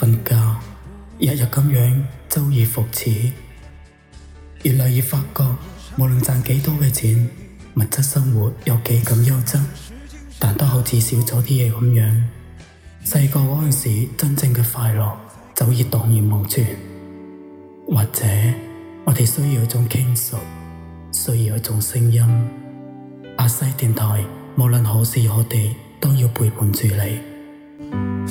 瞓覺日日咁樣周而復始，越嚟越發覺無論賺幾多嘅錢，物質生活有幾咁優質，但都好似少咗啲嘢咁樣。細個嗰陣時真正嘅快樂，早已蕩然無存。或者我哋需要一種傾訴，需要一種聲音。阿西電台，無論何時何地，都要陪伴住你。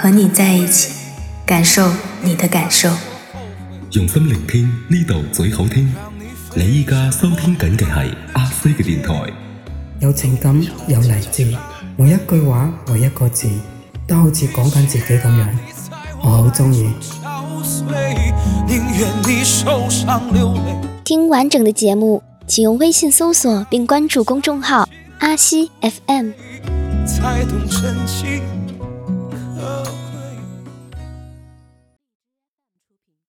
和你在一起，感受你的感受。用心聆聽，呢度最好聽。你依家收聽緊嘅係阿西嘅電台。有情感，有勵志，每一句話，每一個字，都好似講緊自己咁樣。我好中意。聽完整嘅節目，請用微信搜索並關注公眾號“阿西 FM”。